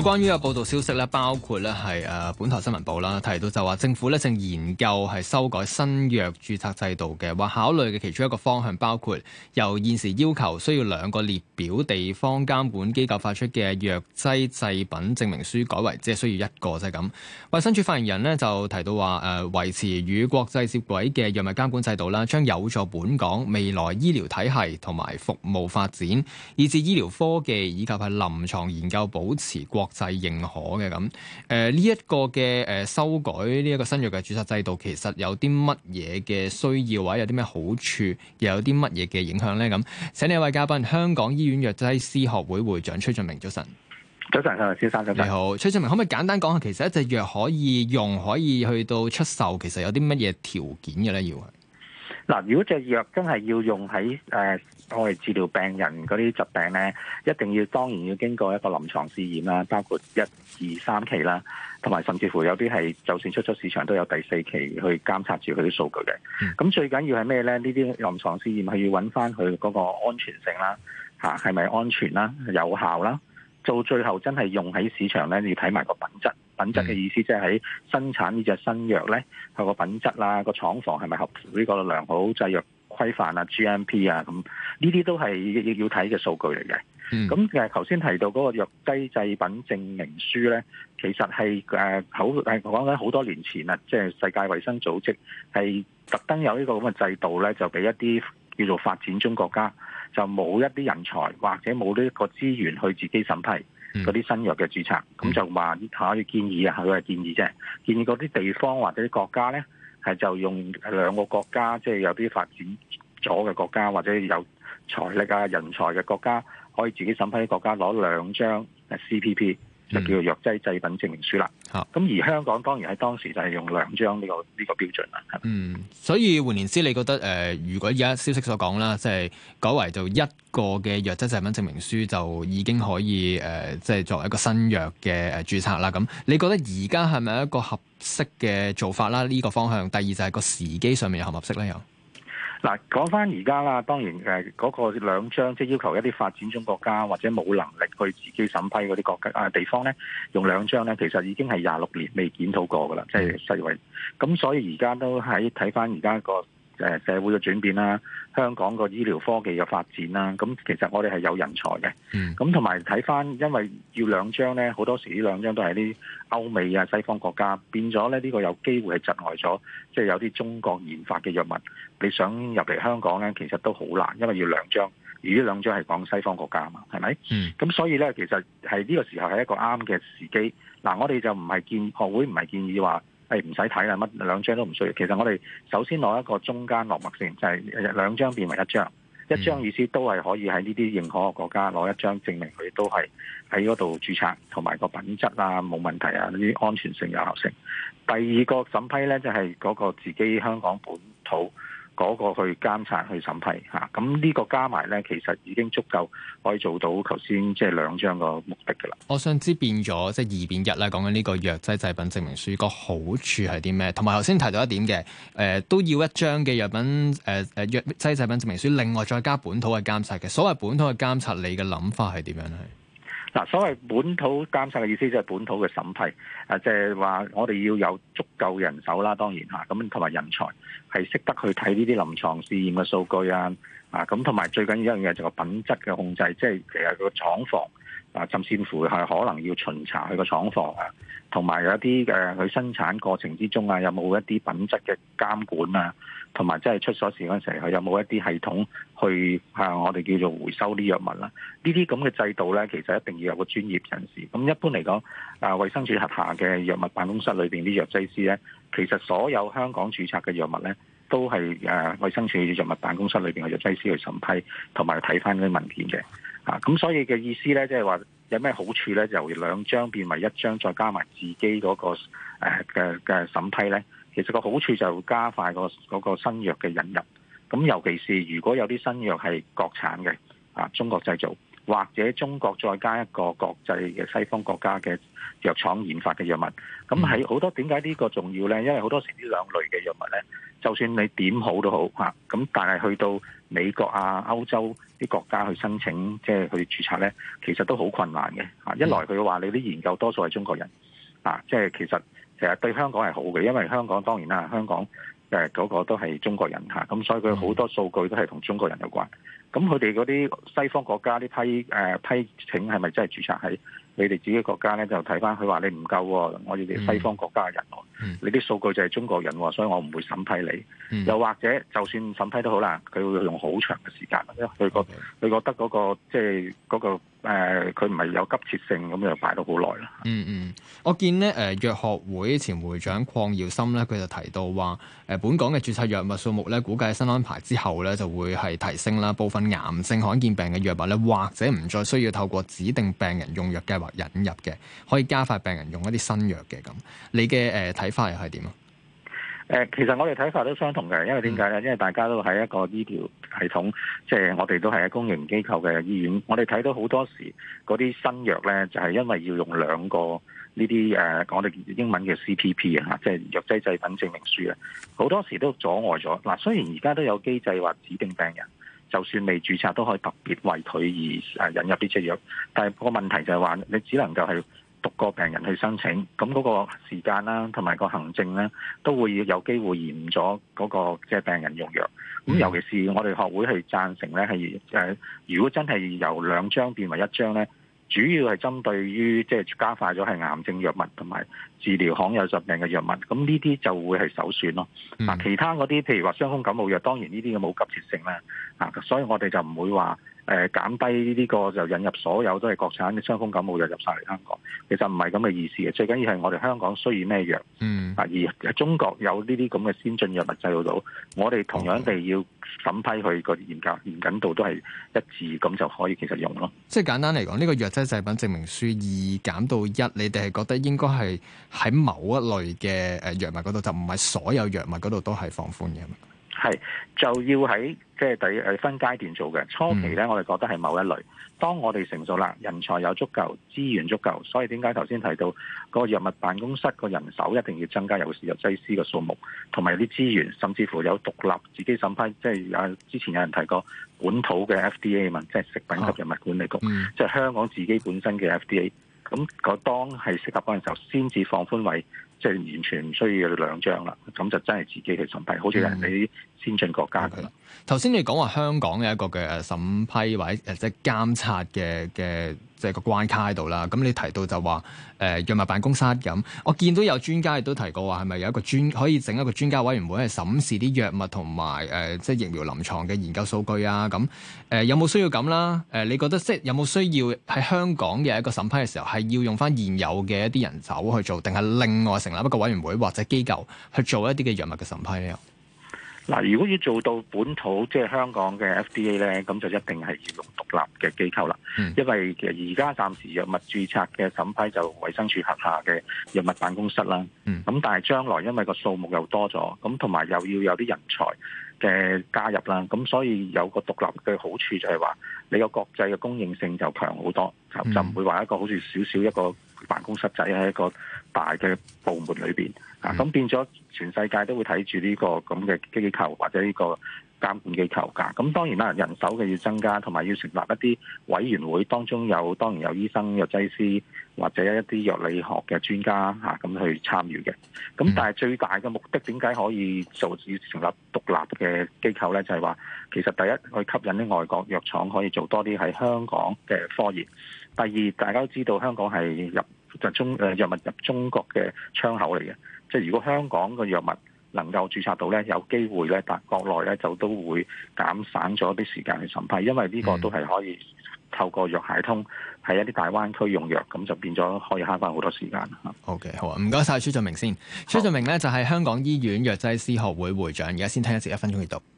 關於有報道消息咧，包括咧係誒本台新聞報啦，提到就話政府咧正研究係修改新藥註冊制度嘅，話考慮嘅其中一個方向，包括由現時要求需要兩個列表地方監管機構發出嘅藥劑製品證明書，改為即係需要一個啫咁。衞生署發言人咧就提到話誒維持與國際接軌嘅藥物監管制度啦，將有助本港未來醫療體系同埋服務發展，以至醫療科技以及係臨牀研究保持國國際認可嘅。咁，誒呢一個嘅誒、呃、修改呢一個新藥嘅註冊制度，其實有啲乜嘢嘅需要或者有啲咩好處，又有啲乜嘢嘅影響咧？咁，請你一位嘉賓，香港醫院藥劑師學會會長崔俊明，早晨，早晨，早晨，先生，你好，崔俊明，可唔可以簡單講下，其實一隻藥可以用，可以去到出售，其實有啲乜嘢條件嘅咧？要嗱，如果隻藥真係要用喺，誒。Uh, 我哋治療病人嗰啲疾病咧，一定要當然要經過一個臨床試驗啦，包括一、二、三期啦，同埋甚至乎有啲係就算出出市場都有第四期去監察住佢啲數據嘅。咁、嗯、最緊要係咩咧？呢啲臨床試驗係要揾翻佢嗰個安全性啦，嚇係咪安全啦、有效啦？到最後真係用喺市場咧，你要睇埋個品質。品質嘅意思即係喺生產呢隻新藥咧，佢個品質啦，個廠房係咪合乎呢個良好製、就是、藥？規範啊、GMP 啊，咁呢啲都係要睇嘅數據嚟嘅。咁其實頭先提到嗰個藥劑製品證明書咧，其實係誒、呃、好誒講緊好多年前啦，即係世界衞生組織係特登有呢個咁嘅制度咧，就俾一啲叫做發展中國家就冇一啲人才或者冇呢一個資源去自己審批嗰啲新藥嘅註冊，咁、嗯、就話下嘅建議啊，佢係建議啫，建議嗰啲地方或者啲國家咧。係就用兩個國家，即係有啲發展咗嘅國家，或者有財力啊、人才嘅國家，可以自己審批國家攞兩張 C P P。就叫做藥劑製品證明書啦，嚇、嗯！咁而香港當然喺當時就係用兩張呢個呢、這個標準啦。嗯，所以換言之，你覺得誒、呃，如果而家消息所講啦，即、就、係、是、改為就一個嘅藥劑製品證明書就已經可以誒，即、呃、係、就是、作為一個新藥嘅誒註冊啦。咁你覺得而家係咪一個合適嘅做法啦？呢、這個方向，第二就係個時機上面有有合唔合適咧？又？嗱，講翻而家啦，當然誒嗰個兩張即係、就是、要求一啲發展中國家或者冇能力去自己審批嗰啲國家啊地方咧，用兩張咧，其實已經係廿六年未檢討過㗎喇，即係世衛。咁、嗯、所以而家都喺睇翻而家個。誒社會嘅轉變啦，香港個醫療科技嘅發展啦，咁其實我哋係有人才嘅。嗯，咁同埋睇返，因為要兩張咧，好多時呢兩張都係啲歐美啊、西方國家，變咗咧呢個有機會係窒礙咗，即係有啲中國研發嘅藥物，你想入嚟香港咧，其實都好難，因為要兩張，而呢兩張係講西方國家啊嘛，係咪？嗯，咁所以咧，其實係呢個時候係一個啱嘅時機。嗱，我哋就唔係建學會，唔係建議話。係唔使睇啦，乜、哎、兩張都唔需要。其實我哋首先攞一個中間落墨先，就係、是、兩張變為一張，一張意思都係可以喺呢啲認可國家攞一張證明，佢都係喺嗰度註冊，同埋個品質啊冇問題啊，啲安全性有效性。第二個審批呢，就係、是、嗰個自己香港本土。嗰個去監察去審批嚇，咁、啊、呢個加埋咧，其實已經足夠可以做到頭先即係兩張個目的㗎啦。我想知變咗即係二變一啦，講緊呢個藥劑製品證明書個好處係啲咩？同埋頭先提到一點嘅，誒、呃、都要一張嘅藥品誒誒、呃、藥劑製品證明書，另外再加本土嘅監察嘅。所謂本土嘅監察，你嘅諗法係點樣咧？嗱，所謂本土監察嘅意思就係本土嘅審批，啊，即係話我哋要有足夠人手啦，當然嚇，咁同埋人才係識得去睇呢啲臨床試驗嘅數據啊，啊，咁同埋最緊要一樣嘢就係品質嘅控制，即係其實佢個廠房。啊，甚至乎係可能要巡查佢個廠房啊，同埋有一啲誒佢生產過程之中啊，有冇一啲品質嘅監管啊，同埋即係出咗事嗰陣時候，佢有冇一啲系統去向、啊、我哋叫做回收啲藥物啦、啊？呢啲咁嘅制度咧，其實一定要有個專業人士。咁一般嚟講，啊，衛生署轄下嘅藥物辦公室裏邊啲藥劑師咧，其實所有香港註冊嘅藥物咧，都係誒、啊、衛生署藥物辦公室裏邊嘅藥劑師去審批，同埋睇翻啲文件嘅。啊，咁所以嘅意思咧，即係話。有咩好處呢？由兩張變為一張，再加埋自己嗰、嗰個嘅嘅、啊、審批呢，其實個好處就會加快、嗰個嗰、嗰個新藥嘅引入。咁尤其是如果有啲新藥係國產嘅啊，中國製造，或者中國再加一個國際嘅西方國家嘅藥廠研發嘅藥物。咁喺好多點解呢個重要呢？因為好多時呢兩類嘅藥物呢，就算你點好都好嚇，咁、啊、但係去到。美國啊、歐洲啲國家去申請，即係去註冊呢，其實都好困難嘅嚇。一來佢話你啲研究多數係中國人，啊，即係其實其實對香港係好嘅，因為香港當然啦，香港誒嗰個都係中國人嚇，咁所以佢好多數據都係同中國人有關。咁佢哋嗰啲西方國家呢批誒、呃、批請係咪真係註冊喺？你哋自己國家咧，就睇翻佢話你唔夠、哦，我哋哋西方國家嘅人，嗯、你啲數據就係中國人，所以我唔會審批你。嗯、又或者就算審批都好啦，佢會用好長嘅時間，因為佢覺佢覺得嗰個即係嗰個。就是那個誒佢唔係有急切性，咁就排到好耐啦。嗯嗯，我見咧誒、呃、藥學會前會長鄺耀森咧，佢就提到話誒、呃，本港嘅註冊藥物數目咧，估計新安排之後咧，就會係提升啦。部分癌症罕見病嘅藥物咧，或者唔再需要透過指定病人用藥計劃引入嘅，可以加快病人用一啲新藥嘅咁。你嘅誒睇法又係點啊？誒，其實我哋睇法都相同嘅，因為點解咧？因為大家都喺一個醫療系統，即係我哋都係喺公營機構嘅醫院。我哋睇到好多時嗰啲新藥咧，就係因為要用兩個呢啲誒，我哋英文嘅 C P P 啊，即係藥劑製品證明書咧，好多時都阻礙咗。嗱，雖然而家都有機制或指定病人，就算未註冊都可以特別為佢而誒引入啲隻藥，但係個問題就係話你只能夠係。獨個病人去申請，咁嗰個時間啦，同埋個行政咧，都會有機會延誤咗嗰個即係、就是、病人用藥。咁尤其是我哋學會係贊成咧，係誒，如果真係由兩張變為一張咧，主要係針對於即係加快咗係癌症藥物同埋治療罕有疾病嘅藥物。咁呢啲就會係首選咯。嗱，嗯、其他嗰啲，譬如話傷風感冒藥，當然呢啲嘅冇急切性啦。啊，所以我哋就唔會話。誒、呃、減低呢、呢個就引入所有都係國產嘅傷風感冒藥入晒嚟香港，其實唔係咁嘅意思嘅。最緊要係我哋香港需要咩藥，嗯啊而中國有呢啲咁嘅先進藥物製造到，我哋同樣地要審批佢個嚴格嚴謹度都係一致，咁就可以其實用咯。即係簡單嚟講，呢、呢個藥劑製品證明書二減到一，1，你哋係覺得應該係喺某一類嘅誒藥物嗰度，就唔係所有藥物嗰度都係放寬嘅。係就要喺即係第誒分階段做嘅初期咧，我哋覺得係某一類。當我哋成熟啦，人才有足夠資源足夠，所以點解頭先提到、個藥物辦公室個人手一定要增加，尤其藥劑師嘅數目，同埋啲資源，甚至乎有獨立自己審批，即係啊之前有人提過本土嘅 FDA 嘛，即係食品及藥物管理局，即係、oh. 香港自己本身嘅 FDA。咁嗰當係適合嗰陣時候，先至放寬位。即係完全唔需要兩張啦，咁就真係自己去審批，好似人哋。先進國家㗎喇。頭先、嗯、你講話香港有一個嘅審批或者即係監察嘅嘅即係個關卡喺度啦。咁你提到就話誒、呃、藥物辦公室咁，我見到有專家亦都提過話係咪有一個專可以整一個專家委員會去審視啲藥物同埋誒即係疫苗臨床嘅研究數據啊？咁誒、呃、有冇需要咁啦？誒、呃、你覺得即係有冇需要喺香港嘅一個審批嘅時候係要用翻現有嘅一啲人手去做，定係另外成立一個委員會或者機構去做一啲嘅藥物嘅審批呢？嗱，如果要做到本土即係香港嘅 FDA 咧，咁就一定係要用獨立嘅機構啦。Mm. 因為而家暫時藥物註冊嘅審批就衞生署轄下嘅藥物辦公室啦。咁、mm. 但係將來因為個數目又多咗，咁同埋又要有啲人才嘅加入啦。咁所以有個獨立嘅好處就係話，你個國際嘅公認性就強好多，就就唔會話一個好似少少一個辦公室仔喺一個大嘅部門裏邊，咁、嗯啊、變咗全世界都會睇住呢個咁嘅機構或者呢個監管機構噶。咁、啊、當然啦，人手嘅要增加，同埋要成立一啲委員會，當中有當然有醫生、有藥劑師或者一啲藥理學嘅專家吓咁、啊、去參與嘅。咁、啊、但係最大嘅目的，點解可以做成立獨立嘅機構呢？就係、是、話，其實第一，去吸引啲外國藥廠可以做多啲喺香港嘅科研；第二，大家都知道香港係入。就中誒藥物入中國嘅窗口嚟嘅，即係如果香港嘅藥物能夠註冊到呢，有機會呢，但國內呢就都會減省咗啲時間去審批，因為呢個都係可以透過藥械通喺一啲大灣區用藥，咁就變咗可以慳返好多時間。好嘅，好啊，唔該晒，崔俊明先。崔俊好明呢就係香港醫院藥劑師學會會,會長，而家先聽一節一分鐘閱讀。